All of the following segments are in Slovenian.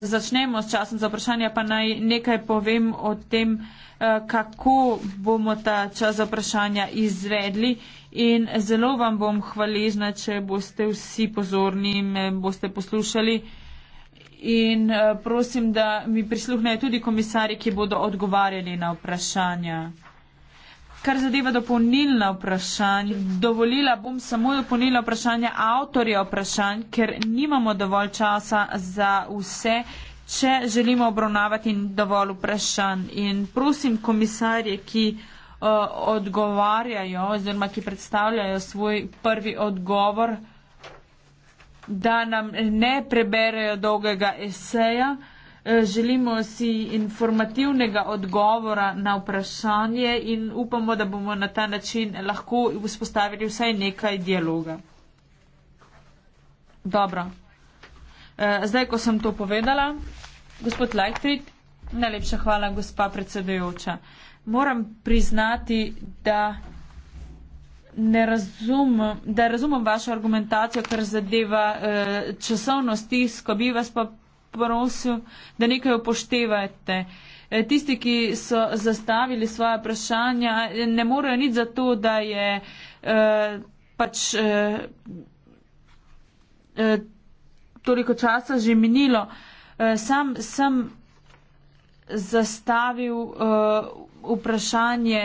začnemo s časom za vprašanje, pa naj nekaj povem o tem, eh, kako bomo ta čas za vprašanja izvedli. In zelo vam bom hvaležna, če boste vsi pozorni, me boste poslušali. In eh, prosim, da mi prisluhnejo tudi komisari, ki bodo odgovarjali na vprašanja. Kar zadeva dopolnilna vprašanja, dovolila bom samo dopolnila vprašanja avtorja vprašanj, ker nimamo dovolj časa za vse, če želimo obravnavati dovolj vprašanj. In prosim komisarje, ki uh, odgovarjajo oziroma ki predstavljajo svoj prvi odgovor, da nam ne preberejo dolgega eseja. Eh, želimo si informativnega odgovora na vprašanje in upamo, da bomo na ta način lahko vzpostavili vsaj nekaj dialoga. Dobro. Eh, zdaj, ko sem to povedala, gospod Lajtrit, najlepša hvala, gospa predsedujoča. Moram priznati, da ne razum, da razumem vašo argumentacijo, kar zadeva eh, časovno stisko. Bi vas pa prosil, da nekaj upoštevate. E, tisti, ki so zastavili svoje vprašanja, e, ne morejo nič za to, da je eh, pač eh, toliko časa že minilo. Eh, sam sem zastavil eh, vprašanje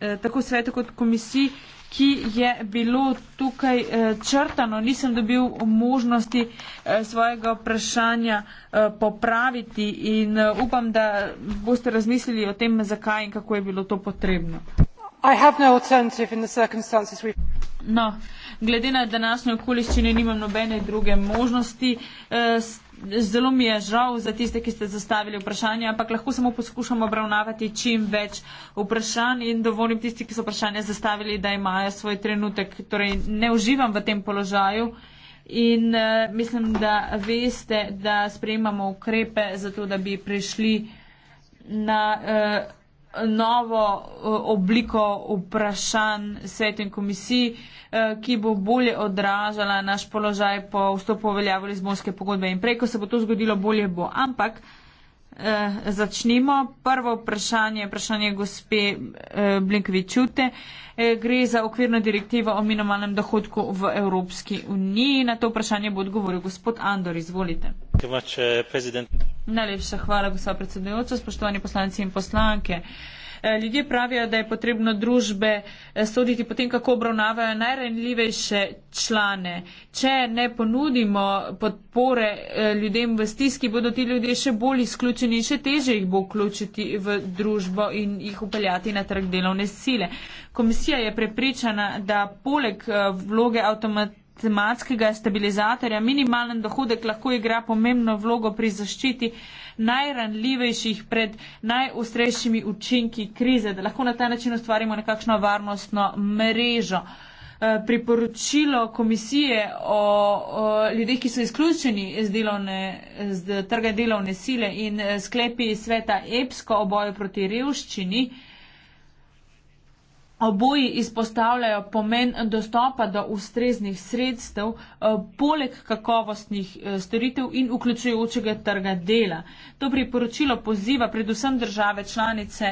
Eh, tako svetu kot komisiji, ki je bilo tukaj eh, črtano. Nisem dobil možnosti eh, svojega vprašanja popraviti in upam, da boste razmislili o tem, zakaj in kako je bilo to potrebno. No, no, glede na današnje okoliščine nimam nobene druge možnosti. Eh, zelo mi je žal za tiste, ki ste zastavili vprašanje, ampak lahko samo poskušamo obravnavati čim več vprašanj in dovolim tisti, ki so vprašanje zastavili, da imajo svoj trenutek. Torej, ne uživam v tem položaju in uh, mislim, da veste, da sprejemamo ukrepe za to, da bi prišli na. Uh, novo eh, obliko vprašanj svetu in komisiji, eh, ki bo bolje odražala naš položaj po vstopu v veljavo Lizbonske pogodbe in preko se bo to zgodilo, bolje bo. Ampak eh, začnimo. Prvo vprašanje, vprašanje gospe Blinkvičute. Eh, gre za okvirno direktivo o minimalnem dohodku v Evropski uniji. Na to vprašanje bo odgovoril gospod Andor. Izvolite. Eh, Najlepša hvala, gospod predsedujoča. Spoštovani poslanci in poslanke. Eh, ljudje pravijo, da je potrebno družbe eh, soditi potem, kako obravnavajo najranljivejše člane. Če ne ponudimo podpore eh, ljudem v stiski, bodo ti ljudje še bolj izključeni in še teže jih bo vključiti v družbo in jih upeljati na trg delovne sile. Komisija je prepričana, da poleg vloge avtomatizacije tematskega stabilizatorja. Minimalen dohodek lahko igra pomembno vlogo pri zaščiti najranljivejših pred najostrejšimi učinki krize, da lahko na ta način ustvarimo nekakšno varnostno mrežo. Eh, priporočilo komisije o, o ljudeh, ki so izključeni iz, delovne, iz trga delovne sile in eh, sklepi sveta EPSKO o boju proti revščini, Oboji izpostavljajo pomen dostopa do ustreznih sredstev eh, poleg kakovostnih eh, storitev in vključujočega trga dela. To priporočilo poziva predvsem države članice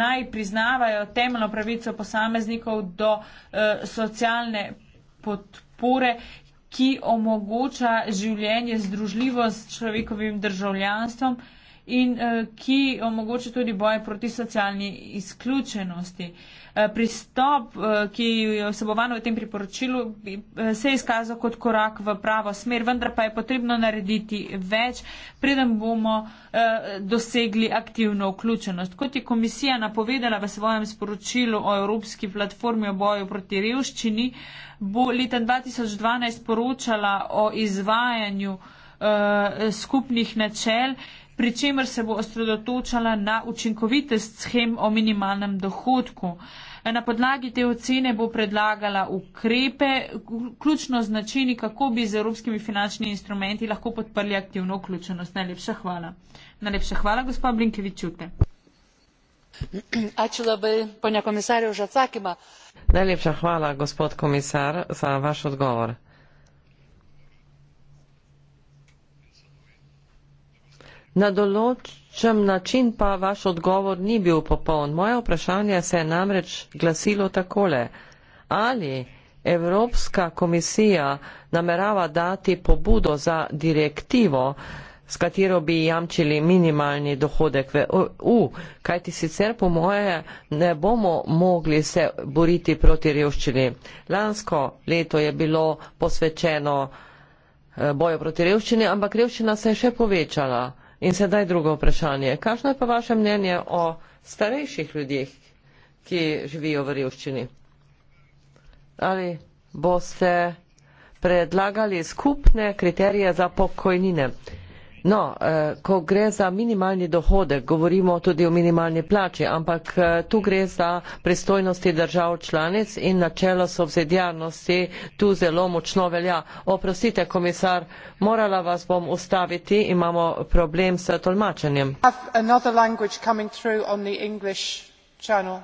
naj priznavajo temeljno pravico posameznikov do eh, socialne podpore, ki omogoča življenje združljivo s človekovim državljanstvom in eh, ki omogoča tudi boj proti socialni izključenosti. Eh, pristop, eh, ki je vsebovan v tem priporočilu, se je izkazal kot korak v pravo smer, vendar pa je potrebno narediti več, preden bomo dosegli aktivno vključenost. Kot je komisija napovedala v svojem sporočilu o Evropski platformi o boju proti revščini, bo leta 2012 poročala o izvajanju skupnih načel, pri čemer se bo osredotočala na učinkovitost schem o minimalnem dohodku. Na podlagi te ocene bo predlagala ukrepe, ključno značeni, kako bi z evropskimi finančnimi instrumenti lahko podprli aktivno vključenost. Najlepša hvala. Najlepša hvala, gospa Blinkevičute. Ačiū labai, ponia komisarė, už atsakymą. Najlepša hvala, gospod komisar, za vaš odgovor. Na določen način pa vaš odgovor ni bil popoln. Moje vprašanje se je namreč glasilo takole. Ali Evropska komisija namerava dati pobudo za direktivo, s katero bi jamčili minimalni dohodek v EU, kajti sicer po moje ne bomo mogli se boriti proti revščini. Lansko leto je bilo posvečeno eh, boju proti revščini, ampak revščina se je še povečala. In sedaj drugo vprašanje. Kakšno je pa vaše mnenje o starejših ljudeh, ki živijo v revščini? Ali boste predlagali skupne kriterije za pokojnine? No, eh, ko gre za minimalni dohodek, govorimo tudi o minimalni plači, ampak eh, tu gre za pristojnosti držav članic in načelo sovzedjarnosti tu zelo močno velja. Oprostite, komisar, morala vas bom ustaviti, imamo problem s tolmačenjem. Have another language coming through on the English channel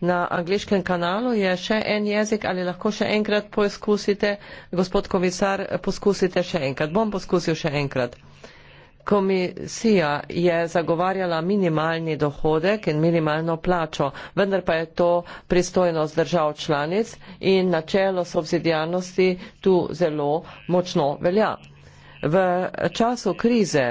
na angliškem kanalu je še en jezik, ali lahko še enkrat poskusite, gospod komisar, poskusite še enkrat. Bom poskusil še enkrat. Komisija je zagovarjala minimalni dohodek in minimalno plačo, vendar pa je to pristojnost držav članic in načelo subsidijarnosti tu zelo močno velja. V času krize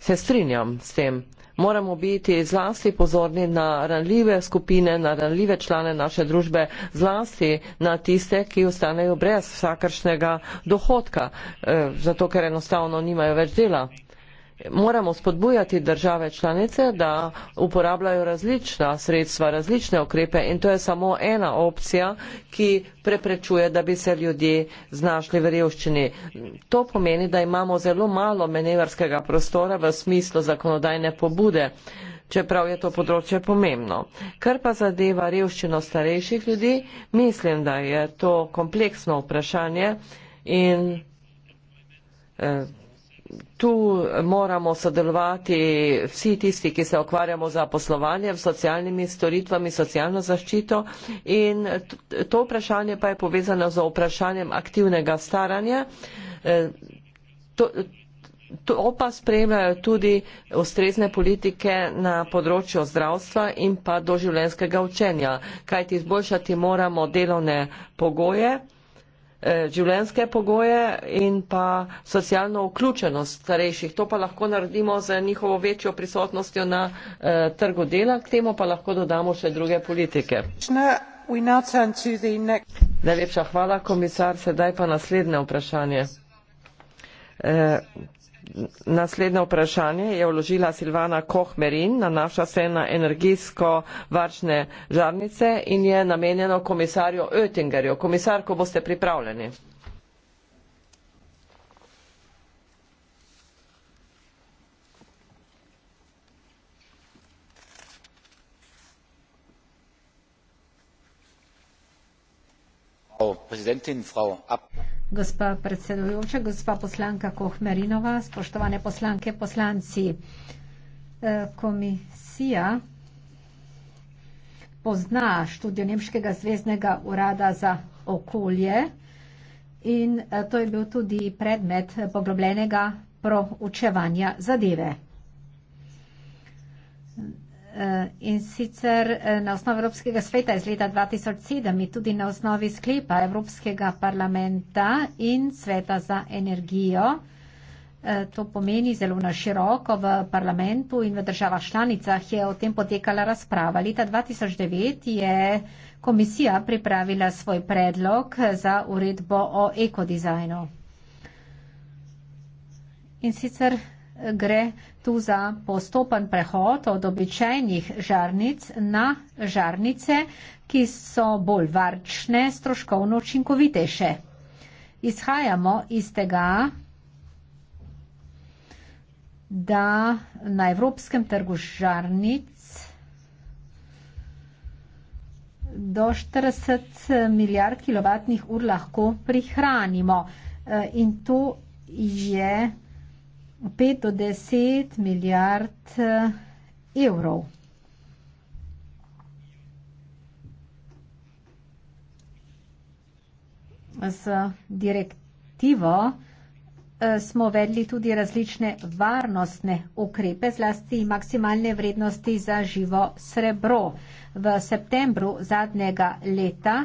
se strinjam s tem, moramo biti zlasti pozorni na ranljive skupine, na ranljive člane naše družbe, zlasti na tiste, ki ostanejo brez vsakršnega dohodka, eh, zato ker enostavno nimajo več dela moramo spodbujati države članice, da uporabljajo različna sredstva, različne okrepe in to je samo ena opcija, ki preprečuje, da bi se ljudje znašli v revščini. To pomeni, da imamo zelo malo menevarskega prostora v smislu zakonodajne pobude, čeprav je to področje pomembno. Kar pa zadeva revščino starejših ljudi, mislim, da je to kompleksno vprašanje in eh, tu moramo sodelovati vsi tisti, ki se okvarjamo za poslovanje, socialnimi storitvami, socialno zaščito in to vprašanje pa je povezano z vprašanjem aktivnega staranja. E, to, to pa spremljajo tudi ustrezne politike na področju zdravstva in pa doživljenskega učenja, kajti izboljšati moramo delovne pogoje. Eh, življenjske pogoje in pa socialno vključenost starejših. To pa lahko naredimo z njihovo večjo prisotnostjo na eh, trgu dela, k temu pa lahko dodamo še druge politike. Najlepša hvala, komisar. Sedaj pa naslednje vprašanje. Eh, Naslednje vprašanje je vložila Silvana Kohmerin, nanaša se na energijsko varčne žarnice in je namenjeno komisarju Oettingerju. Komisar, ko boste pripravljeni. Frau Präsidentin, Frau Abgeordnete, Gospa predsedujoča, gospa poslanka Kohmerinova, spoštovane poslanke, poslanci, eh, komisija pozna študijo Nemškega zvezdnega urada za okolje in eh, to je bil tudi predmet poglobljenega proučevanja zadeve. Eh, in sicer eh, na osnovi Evropskega sveta iz leta 2007 in tudi na osnovi sklepa Evropskega parlamenta in sveta za energijo. Eh, to pomeni zelo na široko v parlamentu in v državah članicah je o tem potekala razprava. Leta 2009 je komisija pripravila svoj predlog za uredbo o ekodizajnu. In sicer gre tu za postopen prehod od običajnih žarnic na žarnice, ki so bolj varčne, stroškovno učinkovitejše. Izhajamo iz tega, da na evropskem trgu žarnic do 40 milijard kWh lahko prihranimo. E, in to je 5 do 10 milijard eh, evrov. Z direktivo eh, smo vedli tudi različne varnostne ukrepe, zlasti maksimalne vrednosti za živo srebro. V septembru zadnjega leta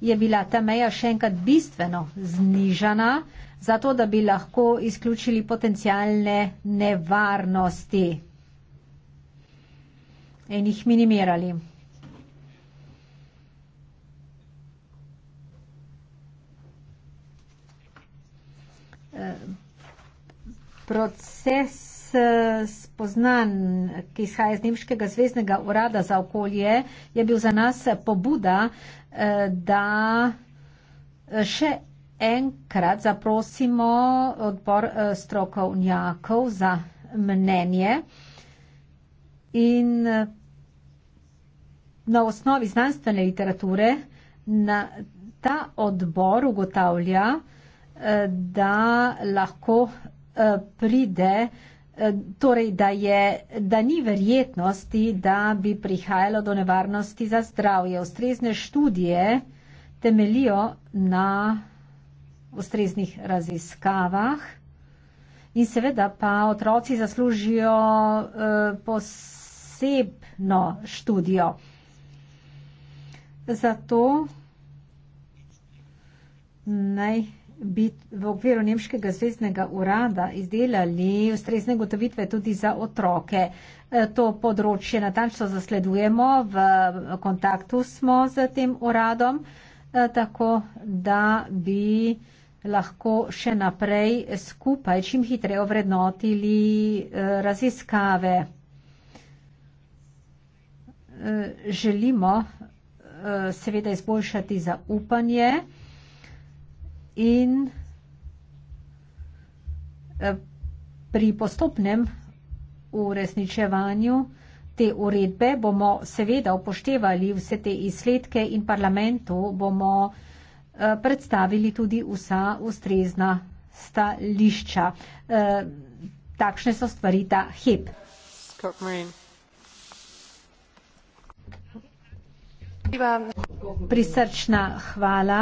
je bila ta meja še enkrat bistveno znižana zato da bi lahko izključili potencijalne nevarnosti in jih minimirali. Proces eh, spoznan, ki izhaja iz Nemškega zvezdnega urada za okolje, je bil za nas pobuda, eh, da eh, še enkrat zaprosimo odbor eh, strokovnjakov za mnenje in eh, na osnovi znanstvene literature na ta odbor ugotavlja, eh, da lahko pride, torej da, je, da ni verjetnosti, da bi prihajalo do nevarnosti za zdravje. Ustrezne študije temelijo na ustreznih raziskavah. In seveda pa otroci zaslužijo eh, posebno študijo. Zato naj bi v okviru Nemškega zvezdnega urada izdelali ustrezne gotovitve tudi za otroke. Eh, to področje natančno zasledujemo, v kontaktu smo z tem uradom, eh, tako da bi lahko še naprej skupaj čim hitreje ovrednotili eh, raziskave. Eh, želimo eh, seveda izboljšati zaupanje in pri postopnem uresničevanju te uredbe bomo seveda upoštevali vse te izsledke in parlamentu bomo vsega Eh, predstavili tudi vsa ustrezna stališča. Eh, takšne so stvari ta hip. Prisrčna hvala.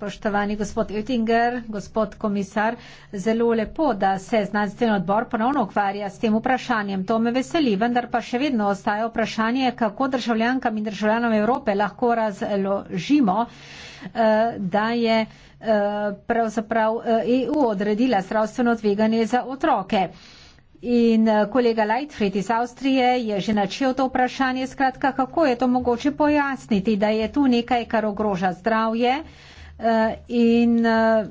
Spoštovani gospod Oettinger, gospod komisar, zelo lepo, da se znanstveni odbor ponovno ukvarja s tem vprašanjem. To me veseli, vendar pa še vedno ostaje vprašanje, kako državljankam in državljanom Evrope lahko razložimo, eh, da je eh, pravzaprav EU eh, e odredila zdravstveno tveganje za otroke. In kolega Lightfried iz Avstrije je že načel to vprašanje, skratka, kako je to mogoče pojasniti, da je tu nekaj, kar ogroža zdravje. Eh, in eh,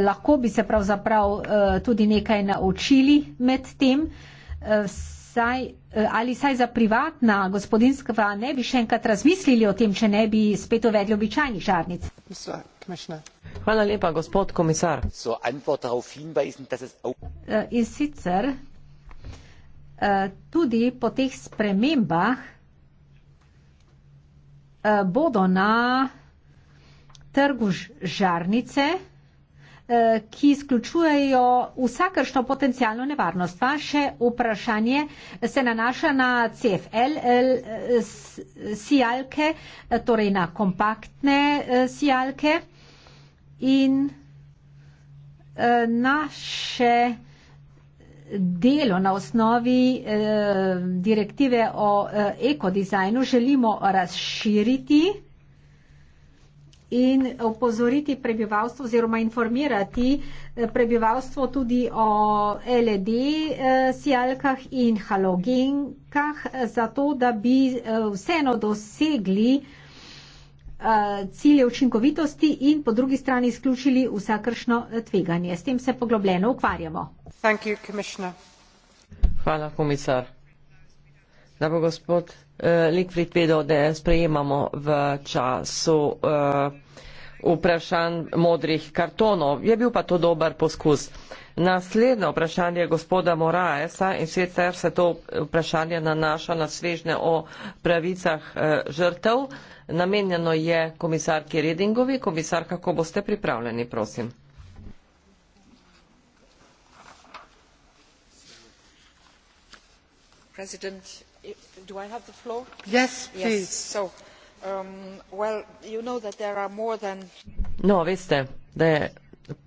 lahko bi se pravzaprav eh, tudi nekaj naučili med tem, saj, ali saj za privatna gospodinstva ne bi še enkrat razmislili o tem, če ne bi spet uvedli običajnih žarnic. Hvala lepa, gospod komisar. Hinweisen, auch... In sicer tudi po teh spremembah bodo na trgu žarnice, eh, ki izključujejo vsakršno potencijalno nevarnost. Vaše vprašanje se nanaša na CFL eh, sijalke, eh, torej na kompaktne sijalke in naše delo na osnovi direktive o ekodizajnu želimo razširiti in opozoriti prebivalstvo oziroma informirati eh, prebivalstvo tudi o LED eh, sijalkah in halogenkah, eh, zato da bi vseeno dosegli cilje učinkovitosti in po drugi strani izključili vsakršno tveganje. S tem se poglobljeno ukvarjamo. Hvala, komisar da bo gospod uh, eh, Likvid vedel, da sprejemamo v času uh, vprašanj modrih kartonov. Je bil pa to dober poskus. Naslednje vprašanje gospoda Moraesa in sicer se to vprašanje nanaša na svežne o pravicah uh, žrtev. Namenjeno je komisarki Redingovi. Komisar, kako boste pripravljeni, prosim. President, Um, no veste da je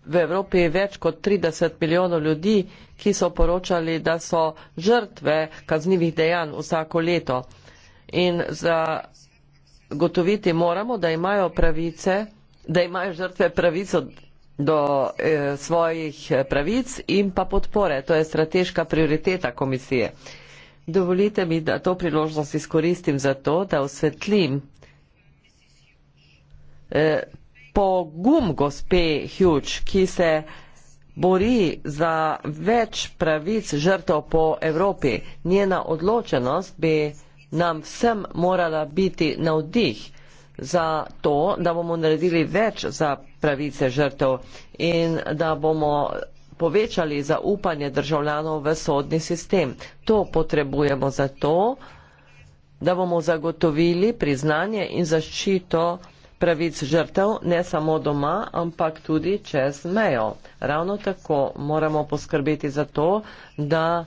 v evropi več kot trideset milijonov ljudi ki so poročali da so žrtve kaznivih dejanj vsako leto in za gotoviti moramo da imajo pravice da imajo žrtve pravico do e, svojih pravic in pa podpore to je strateška prioriteta komisije Dovolite mi, da to priložnost izkoristim za to, da osvetlim eh, pogum gospe Hjuč, ki se bori za več pravic žrtov po Evropi. Njena odločenost bi nam vsem morala biti na vdih za to, da bomo naredili več za pravice žrtov in da bomo povečali zaupanje državljanov v sodni sistem. To potrebujemo zato, da bomo zagotovili priznanje in zaščito pravic žrtev ne samo doma, ampak tudi čez mejo. Ravno tako moramo poskrbeti za to, da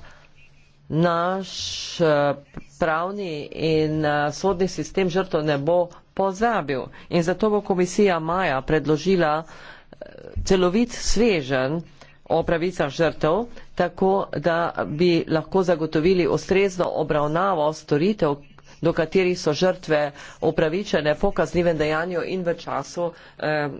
naš eh, pravni in eh, sodni sistem žrtev ne bo pozabil. In zato bo komisija Maja predložila eh, celovit svežen o pravicah žrtev, tako da bi lahko zagotovili ustrezno obravnavo storitev, do katerih so žrtve upravičene po kaznivem dejanju in v času eh,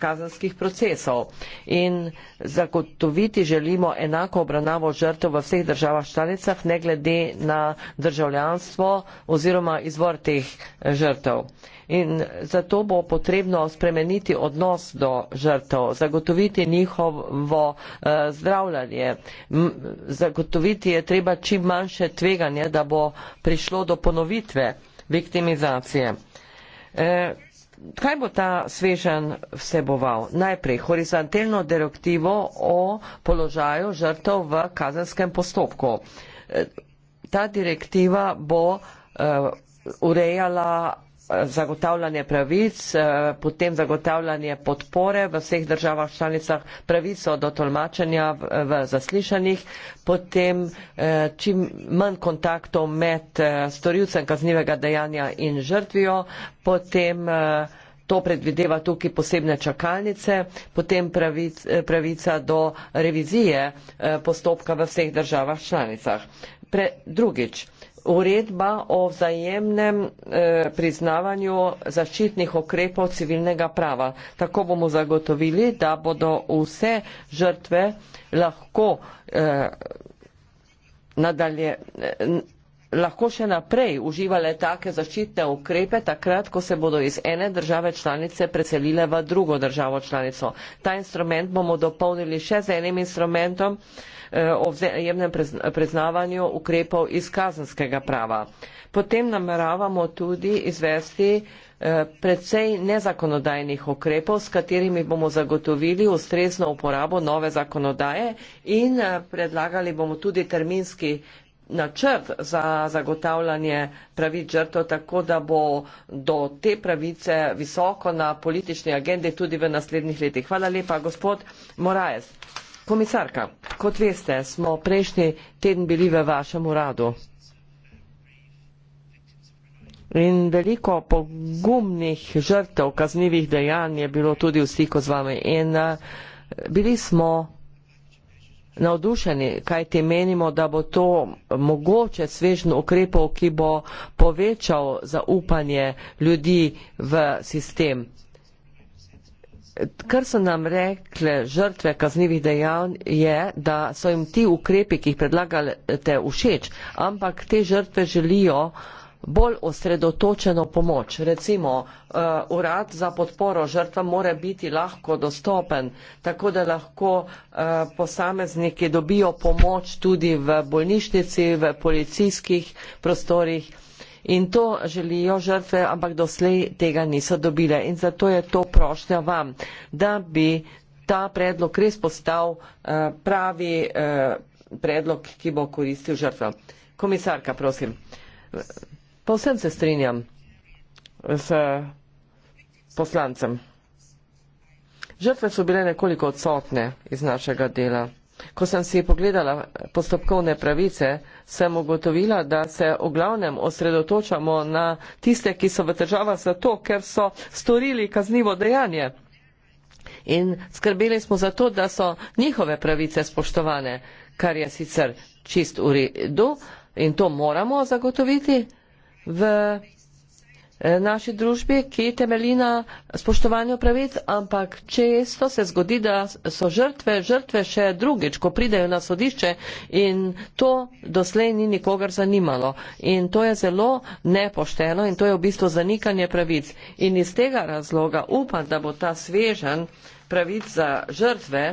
kazanskih procesov. In zagotoviti želimo enako obravnavo žrtev v vseh državah članicah, ne glede na državljanstvo oziroma izvor teh eh, žrtev. Eh, in zato bo potrebno spremeniti odnos do žrtev, zagotoviti njihovo eh, zdravljanje, zagotoviti je treba čim manjše tveganje, da bo prišlo do ponovitve viktimizacije. Eh, kaj bo ta svežen vseboval? Najprej horizontalno direktivo o položaju žrtev v kazenskem postopku. Eh, ta direktiva bo urejala zagotavljanje pravic, eh, potem zagotavljanje podpore v vseh državah članicah, pravico do tolmačenja v zaslišanjih, potem eh, čim manj kontaktov med eh, storilcem kaznivega dejanja in žrtvijo, potem to predvideva tukaj posebne čakalnice, potem pravica do revizije postopka v vseh državah članicah. Pre, drugič, uredba o vzajemnem eh, priznavanju zaščitnih okrepov civilnega prava. Tako bomo zagotovili, da bodo vse žrtve lahko, eh, nadalje, eh, lahko še naprej uživale take zaščitne ukrepe, takrat, ko se bodo iz ene države članice preselile v drugo državo članico. Ta instrument bomo dopolnili še z enim instrumentom, eh, Eh, o vzajemnem priznavanju ukrepov iz kazenskega prava. Potem nameravamo tudi izvesti eh, predvsej nezakonodajnih ukrepov, s katerimi bomo zagotovili ustrezno uporabo nove zakonodaje in eh, predlagali bomo tudi terminski načrt za zagotavljanje pravic žrtev, tako da bo do te pravice visoko na politični agendi tudi v naslednjih letih. Hvala lepa, gospod Moraes. Komisarka, kot veste, smo prejšnji teden bili v vašem uradu in veliko pogumnih žrtev kaznivih dejanj je bilo tudi v stiku z vami in eh, bili smo navdušeni, kaj ti menimo, da bo to mogoče svežen ukrepov, ki bo povečal zaupanje ljudi v sistem. Kar so nam rekle žrtve kaznjivih dejanj je, da so jim ti ukrepi, ki jih predlagate, všeč, ampak te žrtve želijo bolj osredotočeno pomoč. Recimo, uh, urad za podporo žrtva mora biti lahko dostopen, tako da lahko uh, posamezniki dobijo pomoč tudi v bolnišnici, v policijskih prostorih. Uh, in to želijo žrtve, ampak doslej tega niso dobile. In zato je to prošlja vam, da bi ta predlog res postal eh, pravi eh, predlog, ki bo koristil žrtvam. Komisarka, prosim. Povsem se strinjam s poslancem. Žrtve so bile nekoliko odsotne iz našega dela. Ko sem si pogledala postopkovne pravice, sem ugotovila, da se v glavnem osredotočamo na tiste, ki so v državah zato, ker so storili kaznivo dejanje. In skrbeli smo za to, da so njihove pravice spoštovane, kar je sicer čist v redu in to moramo zagotoviti v Eh, naši družbi, ki temelji na spoštovanju pravic, ampak često se zgodi, da so žrtve, žrtve še drugič, ko pridejo na sodišče in to doslej ni nikogar zanimalo. In to je zelo nepošteno in to je v bistvu zanikanje pravic. In iz tega razloga upam, da bo ta svežen pravic za žrtve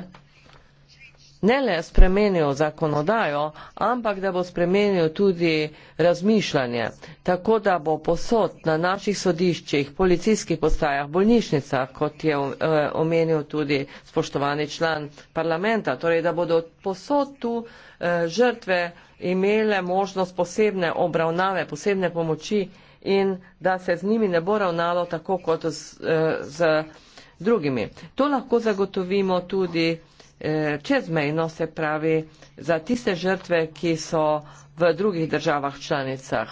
ne le spremenil zakonodajo, ampak da bo spremenil tudi razmišljanje, tako da bo posod na naših sodiščih, policijskih postajah, bolnišnicah, kot je eh, omenil tudi spoštovani član parlamenta, torej da bodo posod tu eh, žrtve imele možnost posebne obravnave, posebne pomoči in da se z njimi ne bo ravnalo tako kot z, eh, z drugimi. To lahko zagotovimo tudi Eh, čezmejno, se pravi, za tiste žrtve, ki so v drugih državah članicah.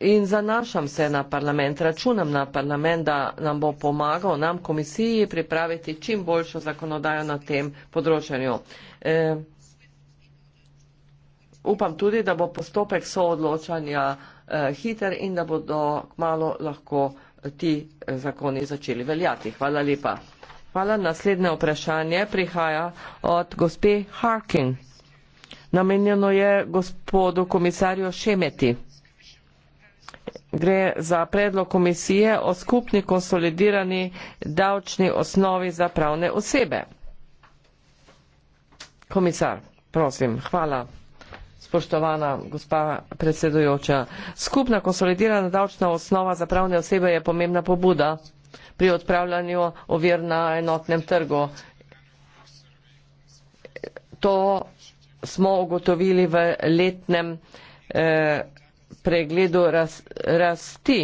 In zanašam se na parlament, računam na parlament, da nam bo pomagal, nam komisiji pripraviti čim boljšo zakonodajo na tem področju. E, upam tudi, da bo postopek soodločanja e, hiter in da bodo kmalo lahko ti zakoni začeli veljati. Hvala lepa. Hvala. Naslednje vprašanje prihaja od gospe Harkin. Namenjeno je gospodu komisarju Šemeti. Gre za predlog komisije o skupni konsolidirani davčni osnovi za pravne osebe. Komisar, prosim, hvala. Spoštovana gospa predsedujoča, skupna konsolidirana davčna osnova za pravne osebe je pomembna pobuda pri odpravljanju ovir na enotnem trgu. To smo ugotovili v letnem eh, pregledu raz, rasti.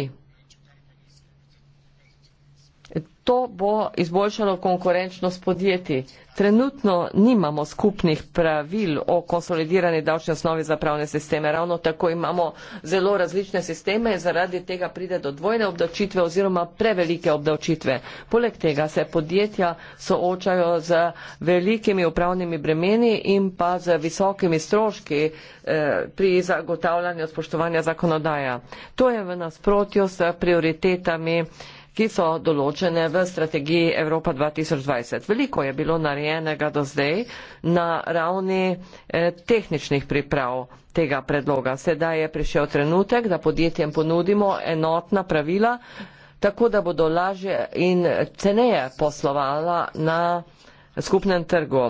To bo izboljšalo konkurenčnost podjetij. Trenutno nimamo skupnih pravil o konsolidirani davčni osnovi za pravne sisteme. Ravno tako imamo zelo različne sisteme in zaradi tega pride do dvojne obdavčitve oziroma prevelike obdavčitve. Poleg tega se podjetja soočajo z velikimi upravnimi bremeni in pa z visokimi stroški eh, pri zagotavljanju spoštovanja zakonodaja. To je v nasprotju s prioritetami ki so določene v strategiji Evropa 2020. Veliko je bilo narejenega do zdaj na ravni eh, tehničnih priprav tega predloga. Sedaj je prišel trenutek, da podjetjem ponudimo enotna pravila, tako da bodo lažje in ceneje poslovala na skupnem trgu.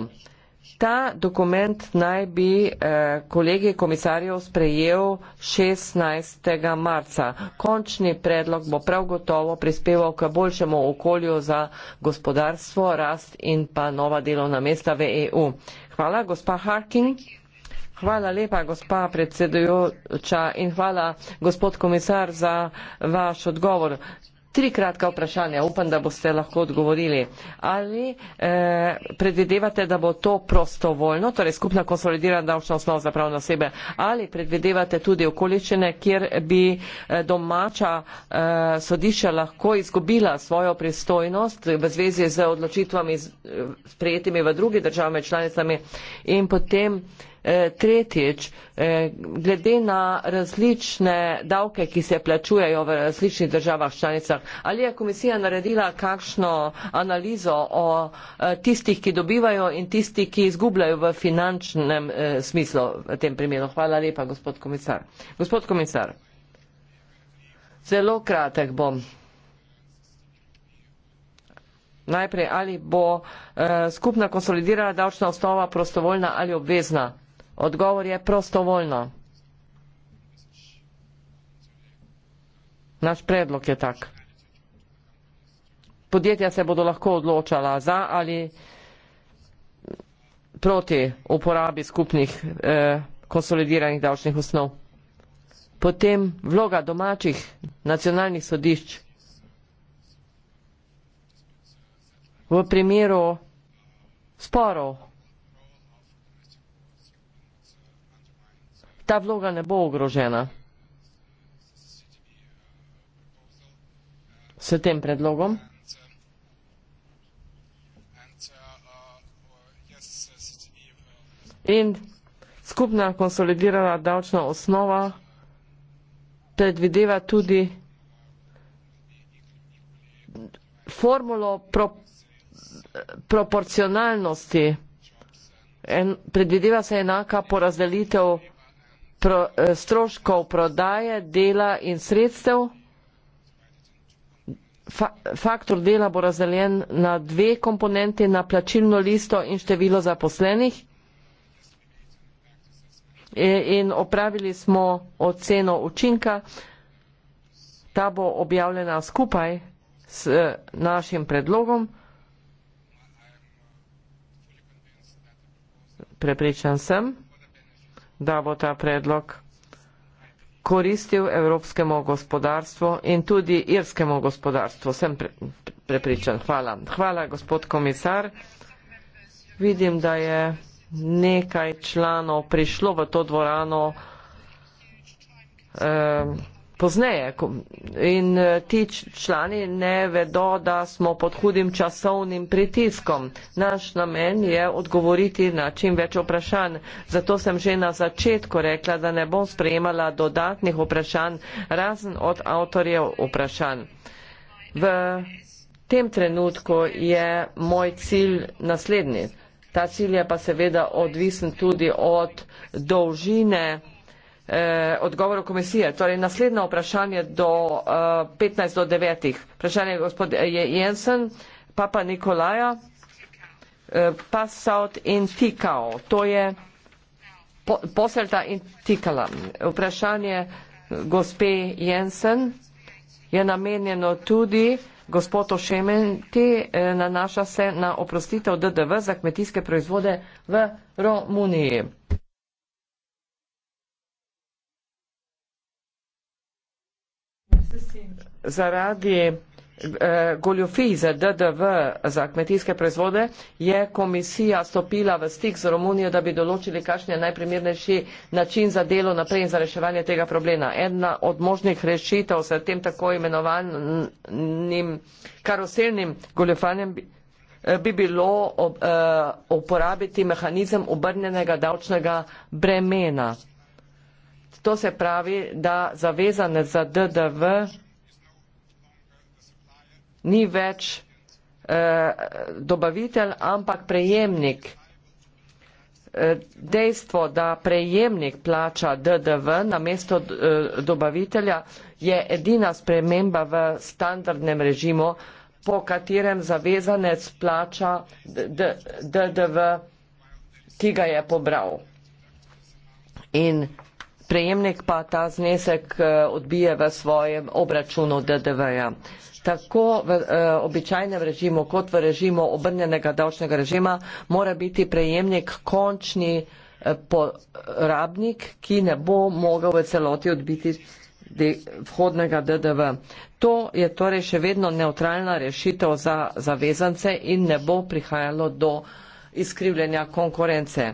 Ta dokument naj bi eh, kolegi komisarjev sprejel 16. marca. Končni predlog bo prav gotovo prispeval k boljšemu okolju za gospodarstvo, rast in pa nova delovna mesta v EU. Hvala, gospa Harkin. Hvala lepa, gospa predsedujoča in hvala, gospod komisar, za vaš odgovor tri kratka vprašanja. Upam, da boste lahko odgovorili. Ali eh, predvidevate, da bo to prostovoljno, torej skupna konsolidirana davčna osnova za pravne osebe, ali predvidevate tudi okoličine, kjer bi eh, domača eh, sodišča lahko izgubila svojo pristojnost v zvezi z odločitvami eh, sprejetimi v drugi državami članicami in potem Eh, tretjič, eh, glede na različne davke, ki se plačujejo v različnih državah članicah, ali je komisija naredila kakšno analizo o eh, tistih, ki dobivajo in tistih, ki izgubljajo v finančnem smislu v tem primeru? Hvala lepa, gospod komisar. Gospod komisar, zelo kratek bom. Najprej, ali bo skupna konsolidirana davčna osnova prostovoljna ali obvezna? Odgovor je prostovoljno. Naš predlog je tak. Podjetja se bodo lahko odločala za ali proti uporabi skupnih eh, konsolidiranih davčnih osnov. Potem vloga domačih nacionalnih sodišč v primeru sporov ta vloga ne bo ogrožena. S tem predlogom. In skupna konsolidirana davčna osnova predvideva tudi formulo pro, proporcionalnosti. En, predvideva se enaka porazdelitev pro, eh, stroškov prodaje, dela in sredstev. Fa, faktor dela bo razdeljen na dve komponente, na plačilno listo in število zaposlenih. E, in opravili smo oceno učinka. Ta bo objavljena skupaj s eh, našim predlogom. Prepričan sem da bo ta predlog koristil evropskemu gospodarstvu in tudi irskemu gospodarstvu. Sem prepričan. Hvala. Hvala, gospod komisar. Vidim, da je nekaj članov prišlo v to dvorano. Um, pozneje. In eh, ti člani ne vedo, da smo pod hudim časovnim pritiskom. Naš namen je odgovoriti na čim več vprašanj. Zato sem že na začetku rekla, da ne bom sprejemala dodatnih vprašanj, razen od avtorjev vprašanj. V tem trenutku je moj cilj naslednji. Ta cilj je pa seveda odvisen tudi od dolžine Eh, odgovoru komisije. Torej, naslednje vprašanje do uh, eh, 15 do 9. Vprašanje gospod eh, Jensen, Papa Nikolaja, uh, Passaut in Tikao. To je po, poselta in Tikala. Vprašanje gospe Jensen je namenjeno tudi gospod Ošementi, uh, nanaša se na oprostitev DDV za kmetijske proizvode v Romuniji. zaradi eh, goljofij za DDV za kmetijske proizvode je komisija stopila v stik z Romunijo, da bi določili, kakšen je najprimernejši način za delo naprej in za reševanje tega problema. Ena od možnih rešitev s tem tako imenovanim karuselnim goljofanjem eh, bi bilo eh, uporabiti mehanizem obrnjenega davčnega bremena. To se pravi, da zavezane za DDV ni več eh, dobavitelj, ampak prejemnik. Eh, dejstvo, da prejemnik plača DDV namesto eh, dobavitelja, je edina sprememba v standardnem režimu, po katerem zavezanec plača DDV, ki ga je pobral. In prejemnik pa ta znesek eh, odbije v svojem obračunu DDV-ja tako v uh, običajnem režimu kot v režimu obrnjenega davčnega režima mora biti prejemnik končni eh, porabnik, ki ne bo mogel v celoti odbiti vhodnega DDV. To je torej še vedno neutralna rešitev za zavezance in ne bo prihajalo do izkrivljenja konkurence.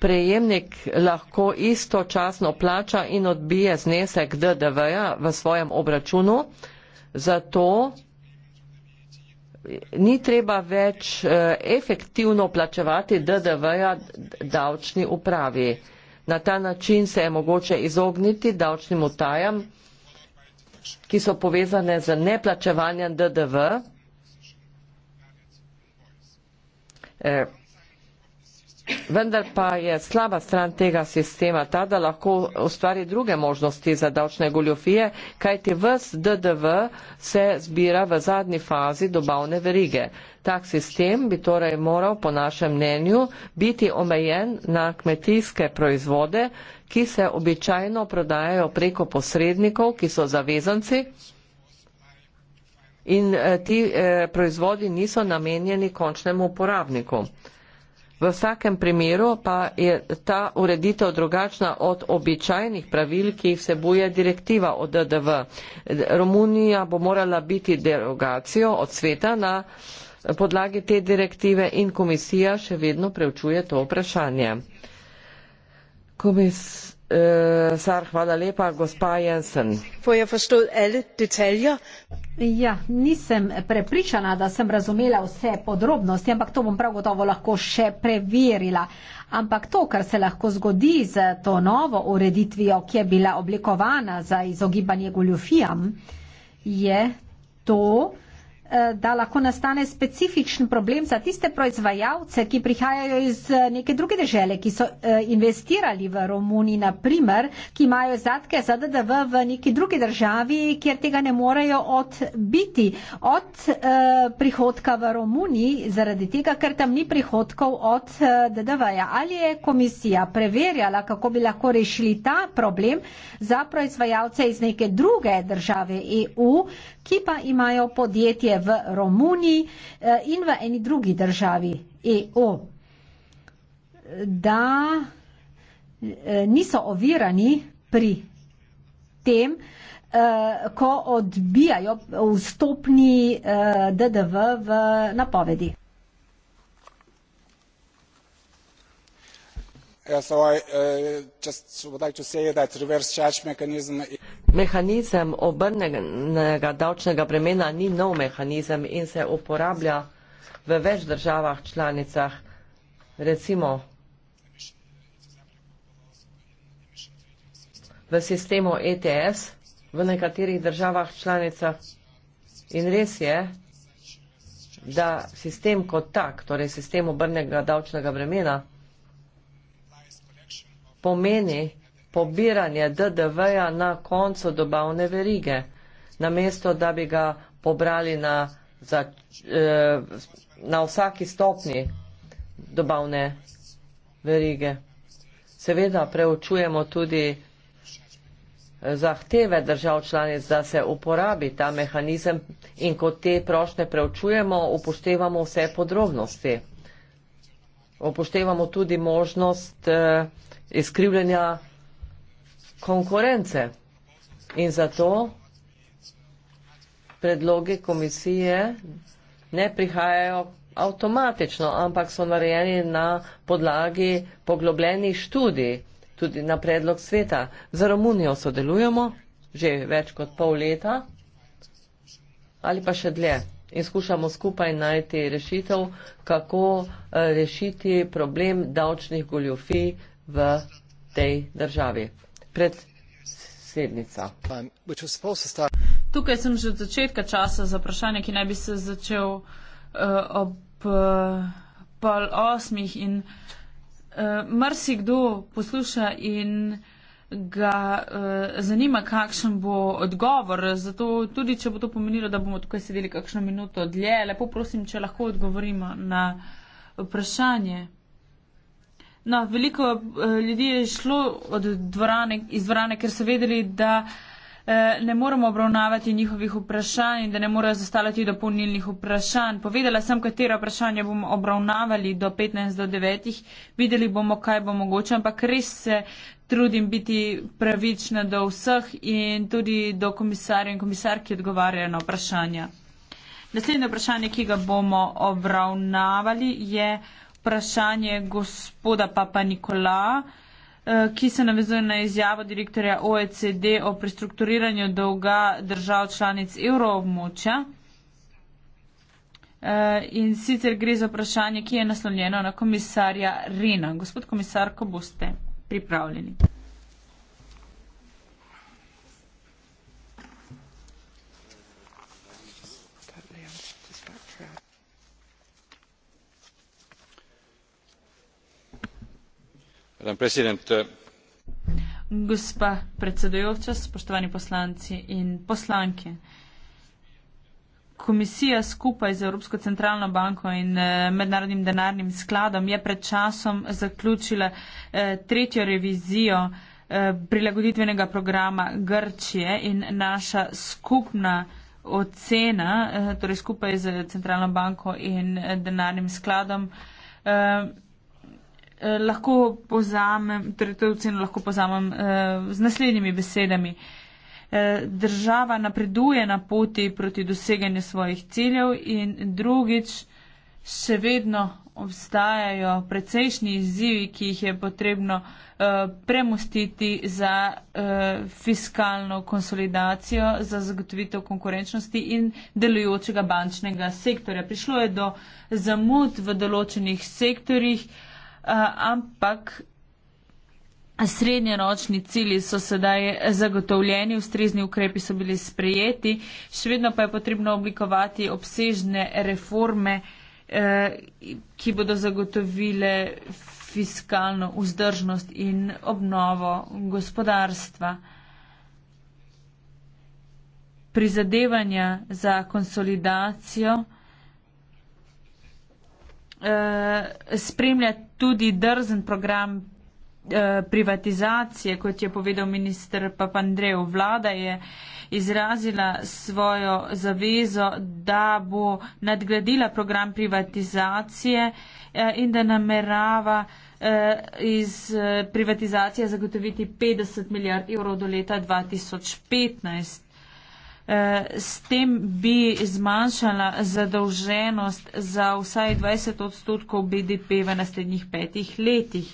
Prejemnik lahko istočasno plača in odbije znesek DDV-ja v svojem obračunu zato ni treba več eh, efektivno plačevati DDV-ja davčni upravi. Na ta način se je mogoče izogniti davčnim utajam, ki so povezane z neplačevanjem DDV. Eh, Vendar pa je slaba stran tega sistema ta, da lahko ustvari druge možnosti za davčne goljofije, kajti vs DDV se zbira v zadnji fazi dobavne verige. Tak sistem bi torej moral, po našem mnenju, biti omejen na kmetijske proizvode, ki se običajno prodajajo preko posrednikov, ki so zavezanci. In eh, ti eh, proizvodi niso namenjeni končnemu uporabniku. Eh, V vsakem primeru pa je ta ureditev drugačna od običajnih pravil, ki jih vsebuje direktiva o DDV. Romunija bo morala biti derogacijo od sveta na podlagi te direktive in komisija še vedno preučuje to vprašanje. Komis Eh, For jeg forstod alle detaljer. Ja, nisem prepričana, da sem razumela vse podrobnosti, ampak to bom prav gotovo lahko še preverila. Ampak to, kar se lahko zgodi z to novo ureditvijo, ki je bila oblikovana za izogibanje goljofijam, je to, Eh, da lahko nastane specifičen problem za tiste proizvajalce, ki prihajajo iz eh, neke druge države, ki so eh, investirali v Romuniji, naprimer, ki imajo zadke za DDV v neki drugi državi, kjer tega ne morejo odbiti od prihodka v Romuniji, zaradi tega, ker tam ni prihodkov od DDV-ja. Ali je komisija preverjala, kako bi lahko rešili ta problem za proizvajalce iz neke druge države EU, ki pa imajo podjetje v v Romuniji eh, in v eni drugi državi EU, da eh, niso ovirani pri tem, eh, ko odbijajo vstopni DDV v napovedi. Uh, mehanizem obrnjenega davčnega bremena ni nov mehanizem in se uporablja v več državah članicah recimo v sistemu ETS v nekaterih državah članicah in res je, da sistem kot tak, torej sistem obrnega davčnega bremena, pomeni pobiranje DDV-ja na koncu dobavne verige, namesto da bi ga pobrali na, za, eh, na vsaki stopni dobavne verige. Seveda preučujemo tudi eh, zahteve držav članic, da se uporabi ta mehanizem in ko te prošle preučujemo, upoštevamo vse podrobnosti. Upoštevamo tudi možnost eh, iz krivljenja konkurence. In zato predloge komisije ne prihajajo avtomatično, ampak so narejeni na podlagi poglobljenih študij, tudi na predlog sveta. Za Romunijo sodelujemo že več kot pol leta ali pa še dlje in skušamo skupaj najti rešitev, kako eh, rešiti problem davčnih goljofij v tej državi. Predsednica. Tukaj sem že od začetka časa za vprašanje, ki naj bi se začel uh, ob uh, pol osmih in uh, marsikdo posluša in ga uh, zanima, kakšen bo odgovor. Zato tudi, če bo to pomenilo, da bomo tukaj sedeli kakšno minuto dlje, lepo prosim, če lahko odgovorimo na vprašanje. No, veliko eh, ljudi je šlo dvorane, iz dvorane, ker so vedeli, da eh, ne moramo obravnavati njihovih vprašanj in da ne morajo zastavljati dopolnilnih vprašanj. Povedala sem, katera vprašanja bomo obravnavali do 15 do 9, videli bomo, kaj bo mogoče, ampak res se trudim biti pravična do vseh in tudi do komisarja in komisar, ki odgovarjajo na vprašanja. Naslednje vprašanje, ki ga bomo obravnavali, je vprašanje gospoda Papa Nikola, eh, ki se navezuje na izjavo direktorja OECD o prestrukturiranju dolga držav članic evroobmočja. Eh, in sicer gre za vprašanje, ki je naslovljeno na komisarja Rena. Gospod komisar, ko boste pripravljeni. Uh, gospa predsedujoča spoštovani poslanci in poslanke komisija skupaj z evropsko centralno banko in eh, mednarodnim denarnim skladom je pred časom zaključila eh, tretjo revizijo eh, prilagoditvenega programa Grčije in naša skupna ocena, torej skupaj z centralno banko in denarnim skladom, Eh, lahko povzamem, torej to oceno lahko povzamem eh, z naslednjimi besedami. Eh, država napreduje na poti proti doseganju svojih ciljev in drugič še vedno obstajajo precejšnji izzivi, ki jih je potrebno premustiti za fiskalno konsolidacijo, za zagotovitev konkurenčnosti in delujočega bančnega sektorja. Prišlo je do zamud v določenih sektorjih. Eh, ampak srednjeročni cilji so sedaj zagotovljeni, ustrezni ukrepi so bili sprejeti, še vedno pa je potrebno oblikovati obsežne reforme, eh, ki bodo zagotovile fiskalno vzdržnost in obnovo gospodarstva. Prizadevanja za konsolidacijo Eh, spremlja tudi drzen program eh, privatizacije, kot je povedal minister Papandreu. Vlada je izrazila svojo zavezo, da bo nadgradila program privatizacije eh, in da namerava iz privatizacije zagotoviti 50 milijard evrov do leta 2015. Eh, s tem bi zmanjšala zadolženost za vsaj 20 odstotkov BDP v naslednjih petih letih.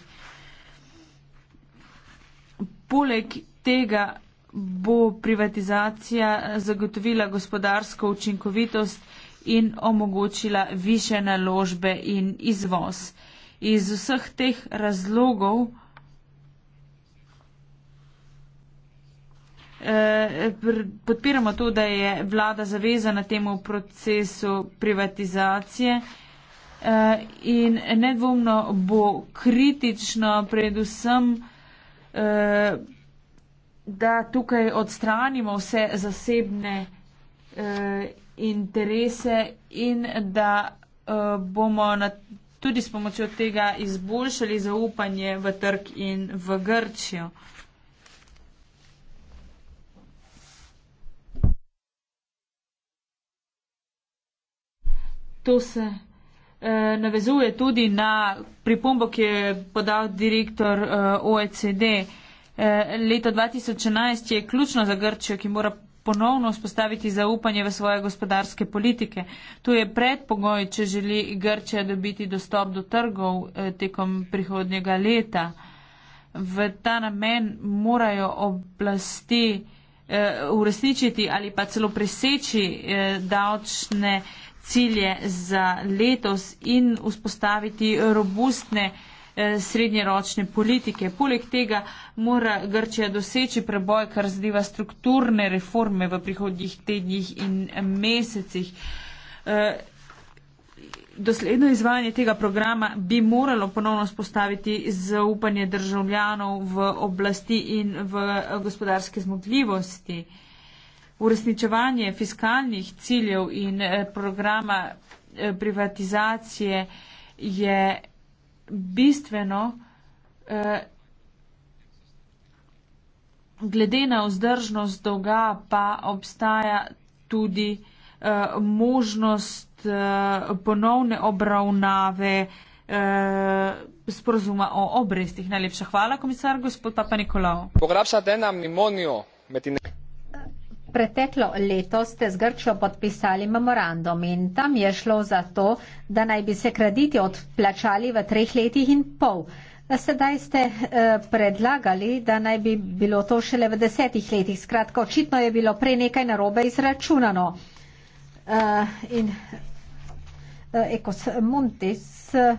Poleg tega bo privatizacija eh, zagotovila gospodarsko učinkovitost in omogočila više naložbe in izvoz. Iz vseh teh razlogov Eh, podpiramo to, da je vlada zavezana temu procesu privatizacije eh, in nedvomno bo kritično predvsem, eh, da tukaj odstranimo vse zasebne interese in da bomo tudi s pomočjo tega izboljšali zaupanje v trg in v Grčijo. To se eh, navezuje tudi na pripombo, ki je podal direktor eh, OECD. Eh, leta 2011 je ključno za Grčijo, ki mora ponovno vzpostaviti zaupanje v svoje gospodarske politike. To je predpogoj, če želi Grčija dobiti dostop do trgov eh, tekom prihodnjega leta. V ta namen morajo oblasti eh, uresničiti ali pa celo preseči eh, davčne cilje za letos in vzpostaviti robustne eh, srednjeročne politike. Poleg tega mora Grčija doseči preboj, kar zadeva strukturne reforme v prihodnjih tednih in mesecih. Eh, dosledno izvajanje tega programa bi moralo ponovno spostaviti zaupanje državljanov v oblasti in v eh, gospodarske zmogljivosti uresničevanje fiskalnih ciljev in eh, programa eh, privatizacije je bistveno eh, glede na vzdržnost dolga pa obstaja tudi možnost ponovne obravnave sporozuma o obrestih. Najlepša hvala, komisar, gospod Papa Nikolao. Preteklo leto ste z Grčijo podpisali memorandum in tam je šlo za to, da naj bi se krediti odplačali v treh letih in pol. Sedaj ste eh, predlagali, da naj bi bilo to šele v desetih letih. Skratka, očitno je bilo prej nekaj narobe izračunano. Uh, in, uh, eh, ekos, montis, uh,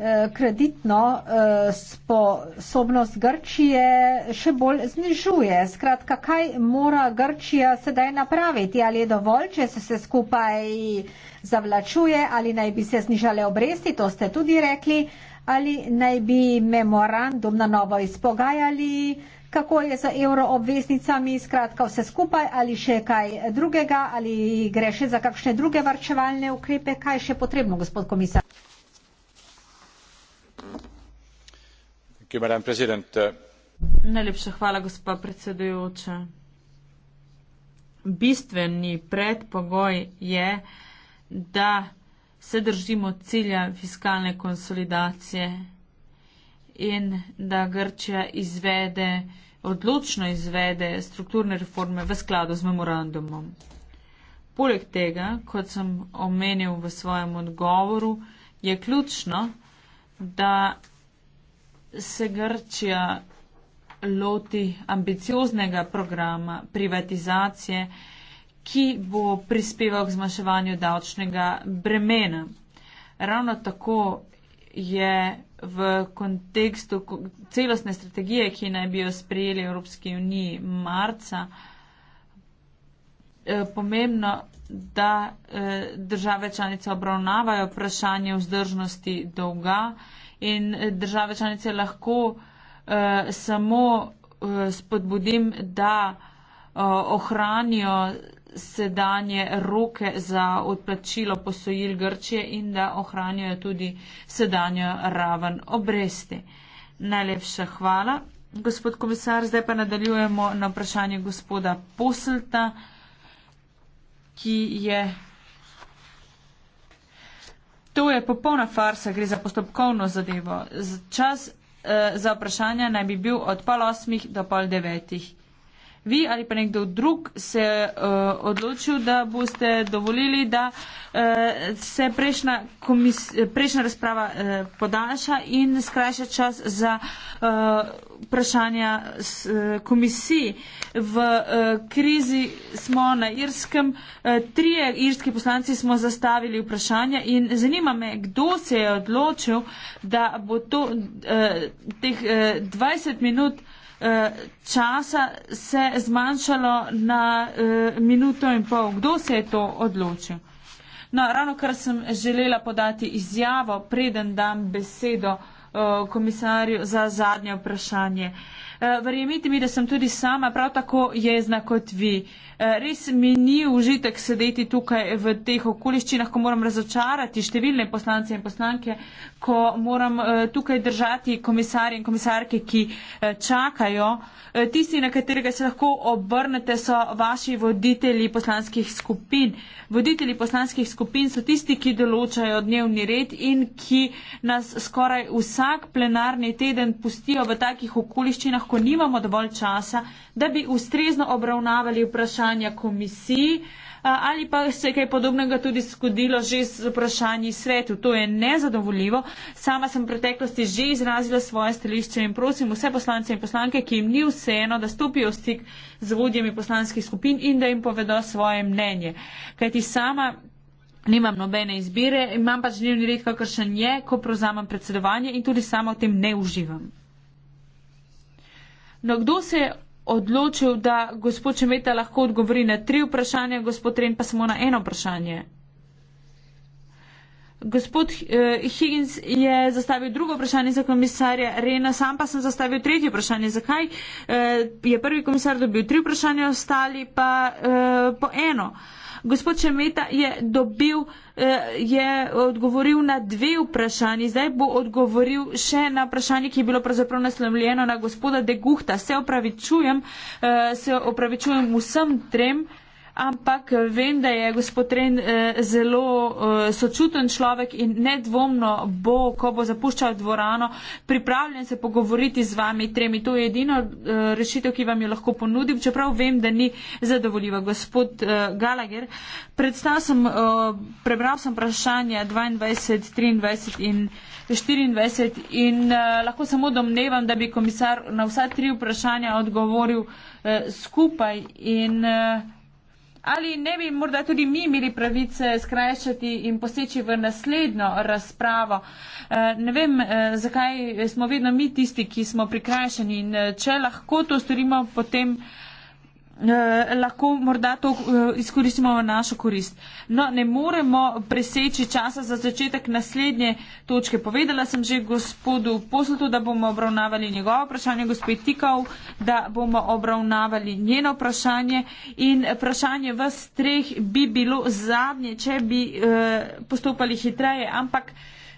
Eh, kreditno eh, sposobnost Grčije še bolj znižuje. Skratka, kaj mora Grčija sedaj napraviti? Ali je dovolj, če se, se skupaj zavlačuje, ali naj bi se znižale obresti, to ste tudi rekli, ali naj bi memorandum na novo izpogajali, kako je z euroobveznicami, skratka vse skupaj, ali še kaj drugega, ali gre še za kakšne druge varčevalne ukrepe, kaj je še potrebno, gospod komisar. Najlepša hvala, gospa predsedujoča. Bistveni predpogoj je, da se držimo cilja fiskalne konsolidacije in da Grčija izvede, odločno izvede strukturne reforme v skladu z memorandumom. Poleg tega, kot sem omenil v svojem odgovoru, je ključno, da se Grčija loti ambicioznega programa privatizacije, ki bo prispeval k zmanjševanju davčnega bremena. Ravno tako je v kontekstu celostne strategije, ki naj bi jo sprejeli Evropski uniji marca, eh, pomembno, da eh, države članice obravnavajo vprašanje vzdržnosti dolga in eh, države članice lahko eh, samo eh, spodbudim, da eh, ohranijo sedanje roke za odplačilo posojil Grčije in da ohranijo tudi sedanjo raven obresti. Najlepša hvala. Gospod komisar, zdaj pa nadaljujemo na vprašanje gospoda Poselta, ki je To je popolna farsa, gre za postopkovno zadevo. Čas uh, za vprašanja naj bi bil od pol osmih do pol devetih vi ali pa nekdo drug se uh, odločil, da boste dovolili, da uh, se prejšnja, komis, prejšnja razprava uh, podaljša in skrajša čas za uh, vprašanja s, uh, komisiji. V uh, krizi smo na Irskem, uh, trije irski poslanci smo zastavili vprašanja in zanima me, kdo se je odločil, da bo to uh, teh uh, 20 minut uh, Eh, časa se zmanjšalo na eh, minuto in pol. Kdo se je to odločil? No, ravno kar sem želela podati izjavo, preden dam besedo eh, komisarju za zadnje vprašanje. Uh, Eh, verjemite mi, da sem tudi sama prav tako jezna kot vi. Eh, res mi ni užitek sedeti tukaj v teh okoliščinah, ko moram razočarati številne poslance in poslanke, ko moram eh, tukaj držati komisarje in komisarke, ki čakajo. Tisti, na katerega se lahko obrnete, so vaši voditelji poslanskih skupin. Voditelji poslanskih skupin so tisti, ki določajo dnevni red in ki nas skoraj vsak plenarni teden pustijo v takih okoliščinah, lahko nimamo dovolj časa, da bi ustrezno obravnavali vprašanja komisiji eh, ali pa se je kaj podobnega tudi skodilo že z vprašanji svetu. To je nezadovoljivo. Sama sem v preteklosti že izrazila svoje stališče in prosim vse poslance in poslanke, ki jim ni vseeno, da stopijo v stik z vodjami poslanskih skupin in da jim povedo svoje mnenje. Kajti sama. Nimam nobene izbire, imam pač dnevni red, kakršen je, ko prevzamem predsedovanje in tudi sama v tem ne uživam. No, kdo se je odločil, da gospod Čemeta lahko odgovori na tri vprašanja, gospod Tren pa samo na eno vprašanje? Gospod eh, Higgins je zastavil drugo vprašanje za komisarja Rena, sam pa sem zastavil tretje vprašanje. Zakaj eh, je prvi komisar dobil tri vprašanja, ostali pa eh, po eno? Gospod Šemeta je dobil, eh, je odgovoril na dve vprašanji. Zdaj bo odgovoril še na vprašanje, ki je bilo pravzaprav naslovljeno na gospoda Deguhta. Se opravičujem, eh, se opravičujem vsem trem ampak eh, vem, da je gospod Ren eh, zelo eh, sočuten človek in nedvomno bo, ko bo zapuščal dvorano, pripravljen se pogovoriti z vami tremi. To je edino rešitev, ki vam jo lahko ponudim, čeprav vem, da ni zadovoljiva. Gospod Galager, predstav sem, prebral sem vprašanja 22, 23 in. 24 in uh, lahko samo domnevam, da bi komisar na vsa tri vprašanja odgovoril uh, skupaj in uh, Ali ne bi morda tudi mi imeli pravice skrajšati in poseči v naslednjo razpravo? Eh, ne vem, eh, zakaj smo vedno mi tisti, ki smo prikrajšani in eh, če lahko to storimo, potem. Eh, lahko morda to eh, izkoristimo v našo korist. No, ne moremo preseči časa za začetek naslednje točke. Povedala sem že gospodu Posluto, da bomo obravnavali njegovo vprašanje, gospod Tikov, da bomo obravnavali njeno vprašanje in vprašanje vas treh bi bilo zadnje, če bi eh, postopali hitreje, ampak.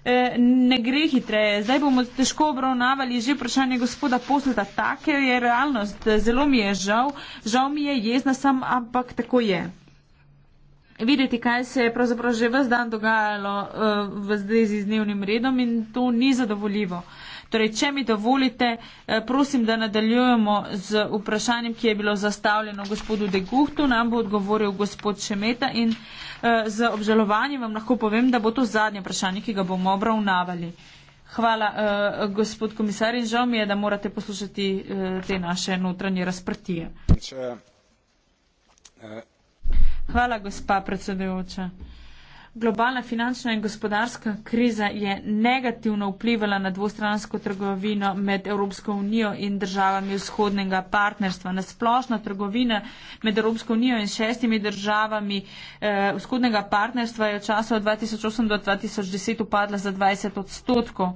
Eh, ne gre hitreje. Zdaj bomo težko obravnavali že vprašanje gospoda Posleta. Take je realnost. Zelo mi je žal. Žal mi je, jezna sem, ampak tako je. Videti, kaj se je pravzaprav že vse dan dogajalo uh, v zvezi z dnevnim redom in to ni zadovoljivo. Uh, Torej, če mi dovolite, eh, prosim, da nadaljujemo z vprašanjem, ki je bilo zastavljeno gospodu Deguhtu, nam bo odgovoril gospod Šemeta in eh, z obžalovanjem vam lahko povem, da bo to zadnje vprašanje, ki ga bomo obravnavali. Hvala, uh, gospod komisar, in žal mi je, da morate poslušati uh, te naše notranje razprtije. Hvala, gospa predsedujoča. Globalna finančna in gospodarska kriza je negativno vplivala na dvostransko trgovino med Evropsko unijo in državami vzhodnega partnerstva. Nasplošna trgovina med Evropsko unijo in šestimi državami eh, vzhodnega partnerstva je v času od 2008 do 2010 upadla za 20 odstotkov.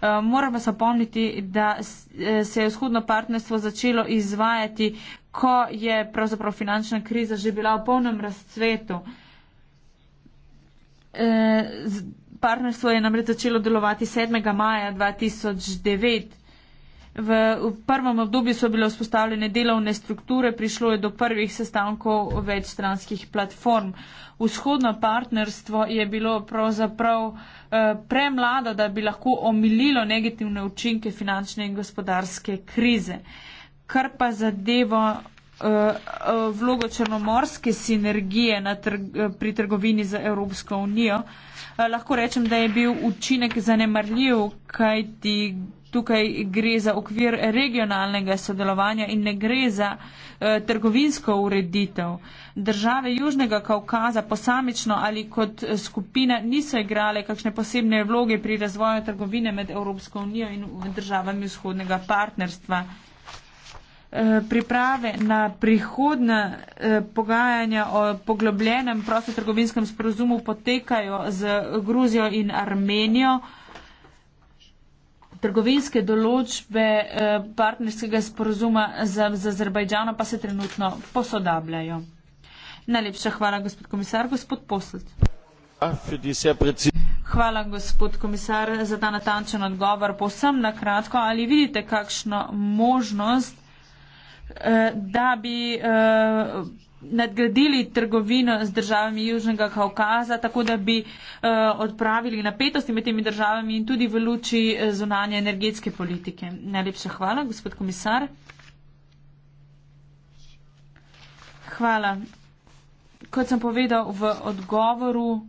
Eh, moramo se pomniti, da eh, se je vzhodno partnerstvo začelo izvajati, ko je pravzaprav finančna kriza že bila v polnem razcvetu. Eh, partnerstvo je namreč začelo delovati 7. maja 2009. V, v prvem obdobju so bile vzpostavljene delovne strukture, prišlo je do prvih sestankov večstranskih platform. Vzhodno partnerstvo je bilo pravzaprav eh, premlada, da bi lahko omililo negativne učinke finančne in gospodarske krize. Kar pa zadevo Eh, vlogo črnomorske sinergije trg, eh, pri trgovini za Evropsko unijo. Eh, lahko rečem, da je bil učinek zanemarljiv, kajti tukaj gre za okvir regionalnega sodelovanja in ne gre za trgovinsko ureditev. Države Južnega Kaukaza posamično ali kot skupina niso igrale kakšne posebne vloge pri razvoju trgovine med Evropsko unijo in državami vzhodnega partnerstva. Eh, priprave na prihodna eh, pogajanja o poglobljenem prostotrgovinskem sporozumu potekajo z Gruzijo in Armenijo. Trgovinske določbe eh, partnerskega sporozuma z, z Azerbajdžano pa se trenutno posodabljajo. Najlepša hvala, gospod komisar. Gospod Posled. Hvala, gospod komisar, za ta natančen odgovor. Povsem na kratko, ali vidite kakšno možnost Eh, da bi eh, nadgradili trgovino z državami Južnega Kaukaza, tako da bi eh, odpravili napetosti med temi državami in tudi v luči zunanje energetske politike. Najlepša hvala, gospod komisar. Hvala. Kot sem povedal v odgovoru,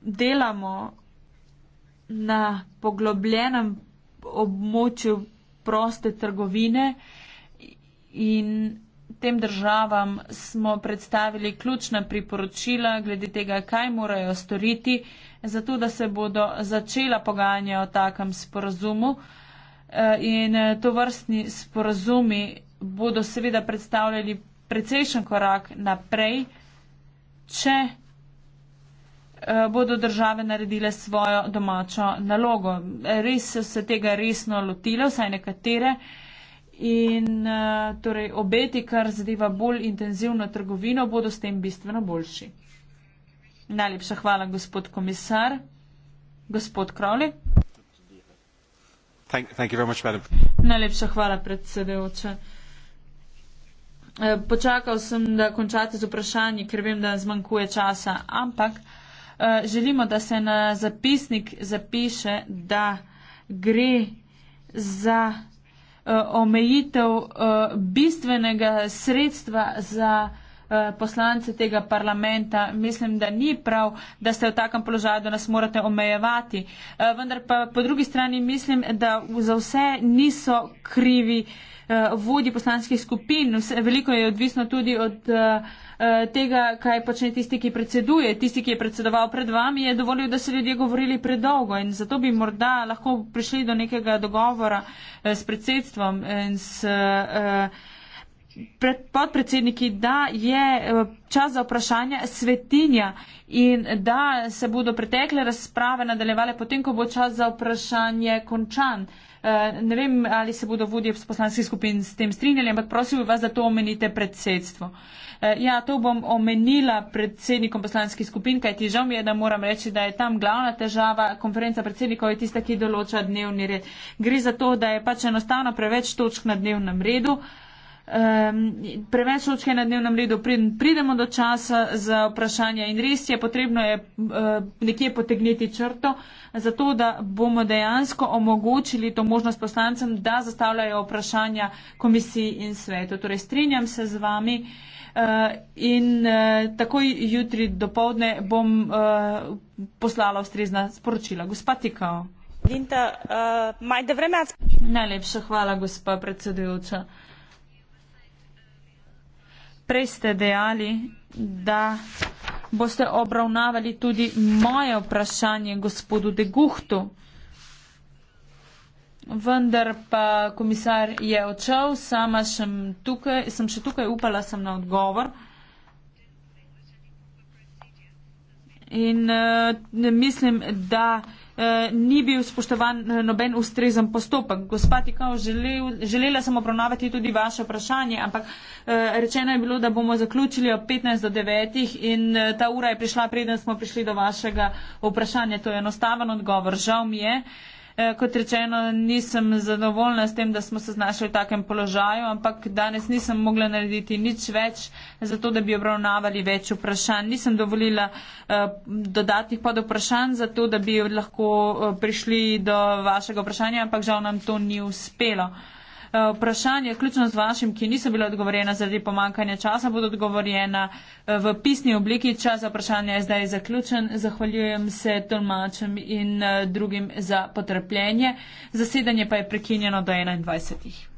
delamo na poglobljenem območju proste trgovine in tem državam smo predstavili ključna priporočila glede tega, kaj morajo storiti, zato da se bodo začela pogajanja o takem sporazumu. Eh, in eh, to vrstni sporazumi bodo seveda predstavljali precejšen korak naprej, če Eh, bodo države naredile svojo domačo nalogo. Res so se tega resno lotile, vsaj nekatere. In eh, torej obeti, kar zadeva bolj intenzivno trgovino, bodo s tem bistveno boljši. Najlepša hvala, gospod komisar. Gospod Kravli. Najlepša hvala, predsedujoča. Eh, počakal sem, da končate z vprašanji, ker vem, da zmanjkuje časa, ampak. Eh, želimo, da se na zapisnik zapiše, da gre za eh, omejitev eh, bistvenega sredstva za poslance tega parlamenta. Mislim, da ni prav, da ste v takem položaju, da nas morate omejevati. Vendar pa po drugi strani mislim, da za vse niso krivi vodji poslanskih skupin. Veliko je odvisno tudi od Eh, tega, kaj počne tisti, ki predseduje, tisti, ki je predsedoval pred vami, je dovolil, da so ljudje govorili predolgo in zato bi morda lahko prišli do nekega dogovora eh, s predsedstvom in s eh, pred, podpredsedniki, da je čas za vprašanja svetinja in da se bodo pretekle razprave nadaljevale potem, ko bo čas za vprašanje končan. Ne vem, ali se bodo vodje poslanskih skupin s tem strinjali, ampak prosim vas, da to omenite predsedstvo. Eh, ja, to bom omenila predsednikom poslanskih skupin, kajti žal mi je, da moram reči, da je tam glavna težava. Konferenca predsednikov je tista, ki določa dnevni red. Gre za to, da je pač enostavno preveč točk na dnevnem redu. Um, preveč očke na dnevnem redu pridemo do časa za vprašanja in res je potrebno je uh, nekje potegniti črto, zato da bomo dejansko omogočili to možnost poslancem, da zastavljajo vprašanja komisiji in svetu. Torej, strinjam se z vami. Uh, Eh, in uh, takoj jutri do povdne bom uh, poslala ustrezna sporočila. Gospa Tikao. Linta, uh, majde vreme. Najlepša hvala, gospa predsedujoča. Prej ste dejali, da boste obravnavali tudi moje vprašanje gospodu Deguhtu. Vendar pa komisar je odšel, sama sem, tukaj, sem še tukaj, upala sem na odgovor. In uh, mislim, da uh, ni bil spoštovan eh, noben ustrezen postopek. Gospa Tikao, želel, želela sem obravnavati tudi vaše vprašanje, ampak uh, rečeno je bilo, da bomo zaključili ob 15 do 9 in uh, ta ura je prišla, preden smo prišli do vašega vprašanja. To je enostaven odgovor. Žal mi je. Uh, Eh, kot rečeno, nisem zadovoljna s tem, da smo se znašli v takem položaju, ampak danes nisem mogla narediti nič več, zato da bi obravnavali več vprašanj. Nisem dovolila eh, dodatnih pod vprašanj, zato da bi lahko eh, prišli do vašega vprašanja, ampak žal nam to ni uspelo. Eh, vprašanja, ključno z vašim, ki niso bila odgovorjena zaradi pomankanja časa, bodo odgovorjena eh, v pisni obliki. Čas za vprašanje je zdaj zaključen. Zahvaljujem se tolmačem in eh, drugim za potrpljenje. Zasedanje pa je prekinjeno do 21.